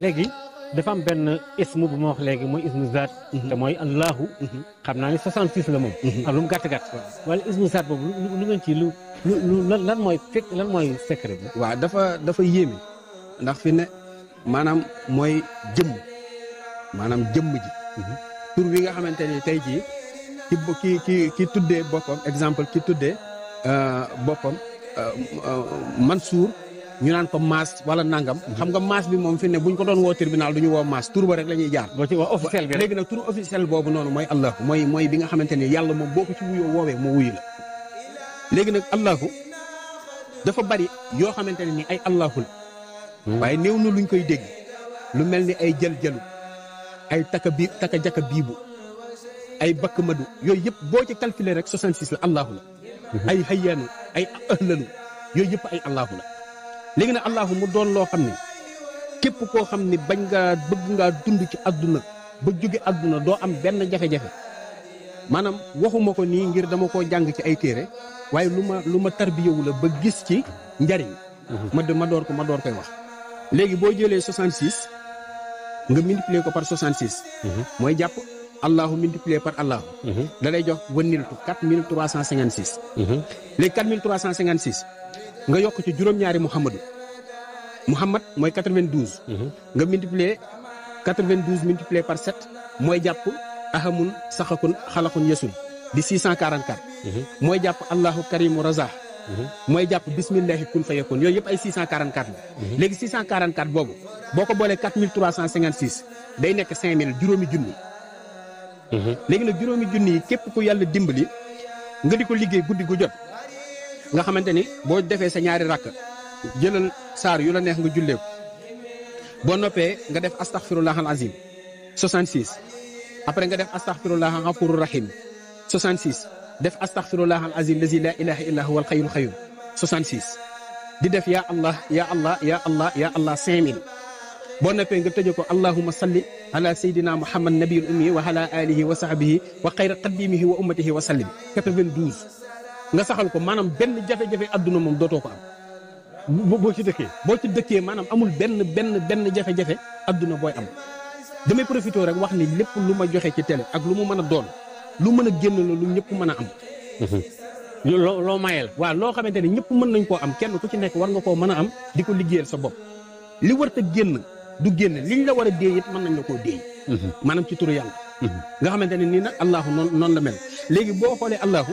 léegi dafa am benn ismu bu ma wax léegi mooy ismu zaat mhm. te mooy allahu mhm. xam naa ni 66 la moom mhm. ak lu mu gàtt gàtt wala ismu zaat boobu lu ngeen ci lu lu lan mooy fekk lan mooy secret bi waaw dafa dafa yéeme ndax fi ne maanaam mooy jëmm maanaam jëmm ji tur wi nga xamante ni tey jii ki ki ki ki tuddee boppam exemple ki tuddee euh, boppam euh, euh, Mansour ñu naan ko maas wala nangam xam nga maas bi moom fi ne bu buñ ko doon woo tribunal du ñu woo maas tur ba rek la ñuy jaar boo ci wax officiel bi léegi nag tur officiel boobu noonu mooy allahu mooy mooy bi nga xamante ni yàlla moom boo ko ci wuyoo woowee moo wuyu la léegi nag allahu dafa bari yoo xamante ni ay allahu la hmm. waaye néew na luñ koy dégg lu mel ni ay jël-jëlu ay taka bi taka jaka biibu ay bakk madu yooyu yëpp boo ci calculer rek 66 la allahu la hmm. ay xëyaanu ay yooyu yëpp ay allahu la léegi nag allahu mu doon loo xam ni képp koo xam ni bañ ngaa bëgg ngaa dund ci àdduna ba jóge àdduna doo am benn jafe-jafe maanaam waxuma ko nii ngir dama koo jàng ci ay téere waaye lu ma lu ma tarbiyewu la ba gis ci njariñ mhm. ma ma door ko ma door koy wax léegi boo jëlee 66 nga multiplier ko par 66 mhm. mooy jàpp allahu multiplié par allahu mhm. da lay jox waniltu 4356 léegi 4356 nga yokk ci juróom-ñaari Muhammadu Muhammad mooy 92. Mhm. nga multiplier 92 multiplier par 7 mooy jàpp ahamun saxakun xalaxun yesun di 644. Mhm. mooy jàpp Allahu karimu razaa. Mhm. mooy jàpp bismillahi kun fayakun yooyu yëpp ay 644 la. léegi 644 boobu boo ko boolee 4356 day nekk 5000 juróomi junni. léegi nag juróomi junni yi képp ku yàlla dimbali nga di ko liggéey guddi gu jot. nga xamanteni bo defé sa ñaari rak jëlal sar yu la neex nga jullee bo noppé nga def astaghfirullah al azim 66 après nga def astaghfirullah ghafurur rahim 66 def astaghfirullah al azim lazi la ilaha illa huwa al hayyul qayyum 66 di def ya allah ya allah ya allah ya allah 5000 bo noppé nga tëjee ko allahumma salli ala sayyidina muhammad nabiyul ummi wa ala alihi wa sahbihi wa khayr qadimihi wa ummatihi wa sallim 92 nga saxal ko maanaam benn jafe-jafe adduna moom dootoo ko am boo ci dëkkee boo ci dëkkee maanaam amul benn benn benn jafe-jafe adduna booy am damay profité rek wax ni lépp lu ma joxe ci télé ak lu mu mën a doon lu mën a génn la lu ñëpp mën a am mhm. loo loo maye la waaw loo xamante ne ñëpp mën nañ koo am kenn ku ci nekk war nga koo mën a am di ko liggéeyal sa bopp li war warta génn du génn liñ la war a déey mën nañ la koo déey mhm. maanaam ci turu yàlla mhm. nga xamante ne nii nag allaahu noonu noonu la léegi boo xoolee allaahu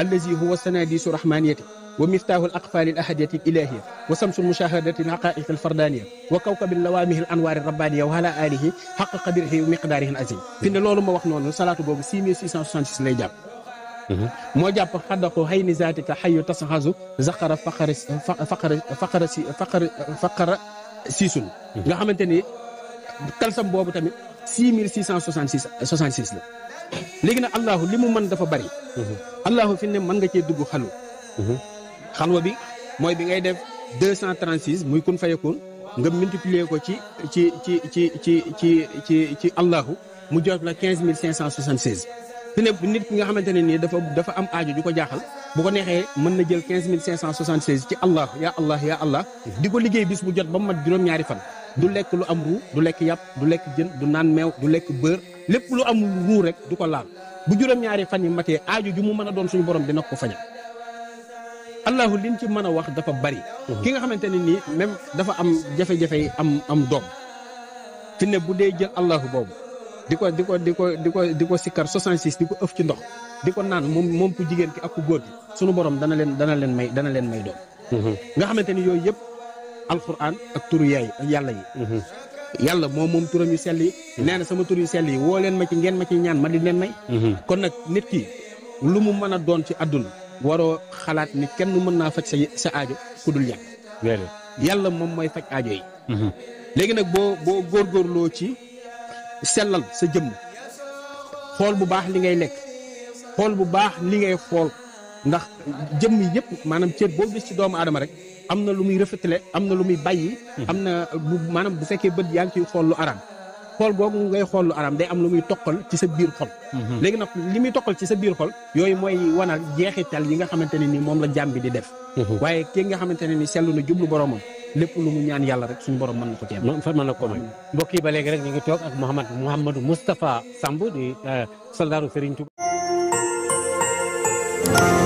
الذي هو سناديس رحمانية ومفتاح الأقفال الأحدية الإلهية وسمس المشاهدة الحقائق الفردانية وكوكب اللوامه الأنوار الربانية وعلى آله حق قدره ومقداره العظيم فين لولو ما وخنون صلاة بوب 6666 لي جاب moo jàpp xaddaku xëy ni حي تصحز xayu فقر فقر فقر فقر فقر سيسون faqara faqara siisun mhm. nga xamante kalsam boobu tamit 6666 66 léegi nag allahu li mu mën dafa bari mhm. allahu fi ne mën nga cee dugg xalwa mhm. xalwa bi mooy bi ngay def deux cent trente six muy kun fayakun nga multiplier ko ci ci ci ci ci ci ci ci allahu mu jox la quinze mille cinq cent soixante nit ki nga xamante ne nii dafa dafa am aajo ju ko jaaxal bu ko neexee mën na jël quinze mille cinq cent soixante seize ci allah yaa allah yaa allah mhm. di ko liggéey bis bu jot ba mu mat juróom-ñaari fan du lekk lu am ruu du lekk yàpp du lekk jën du naan meew du lekk beurre lépp lu am ruu rek du ko laal bu juróom-ñaari fan yi matee aajo ju mu mën a doon suñu borom dina ko fañal allahu liñ ci mën a wax dafa bari mhm. ki nga xamante ne nii même dafa am jafe am am doom fi ne bu dee jël allahu boobu di ko di ko di ko di ko di ko sikkar 66 di ko ëf ci ndox di ko naan moom moom ku jigéen ki ak ku góor gi sunu borom dana leen dana leen may dana leen may doom mhm. nga xamante ni yooyu yëpp alquran ak turu yayi ak yalla yi mhm. yalla moom mom turam yu selli mhm. neena sama tur yu sell yi gian ma ci ngeen ma ci ñaan ma di len may mhm. kon nak nit ki lu mu meuna doon ci adun waro xalaat ni kenn mu meuna fajj sa aajo ku dul yàlla yalla mom moy fajj aajo yi bo bo gor gor lo ci selal sa jëm xol bu baax li ngay lekk xol bu baax li ngay xol ndax jëmm yëpp maanaam cër boo gis ci doomu aadama rek am na lu muy rafetale am na lu muy bàyyi. Hmm. am na bu maanaam bu fekkee bët yaa ngi ciy xool lu araam xool googu ngay xool lu araam day am lu muy toqal ci sa biir xol. Hmm. léegi nag li muy toqal ci sa biir xol yooyu mooy wanal jeexital yi nga xamante ne ni moom la jàmm bi di def. Hmm. waaye ki nga xamante ne ni sellu na jublu boromam. lépp lu mu ñaan yàlla rek suñu borom mën na ko teem mën mën na ko may mbokk yi ba léegi rek ñu ngi toog ak Mouhamad Mouhamadou Moustapha Samb di euh, soldaaru Serigne Touba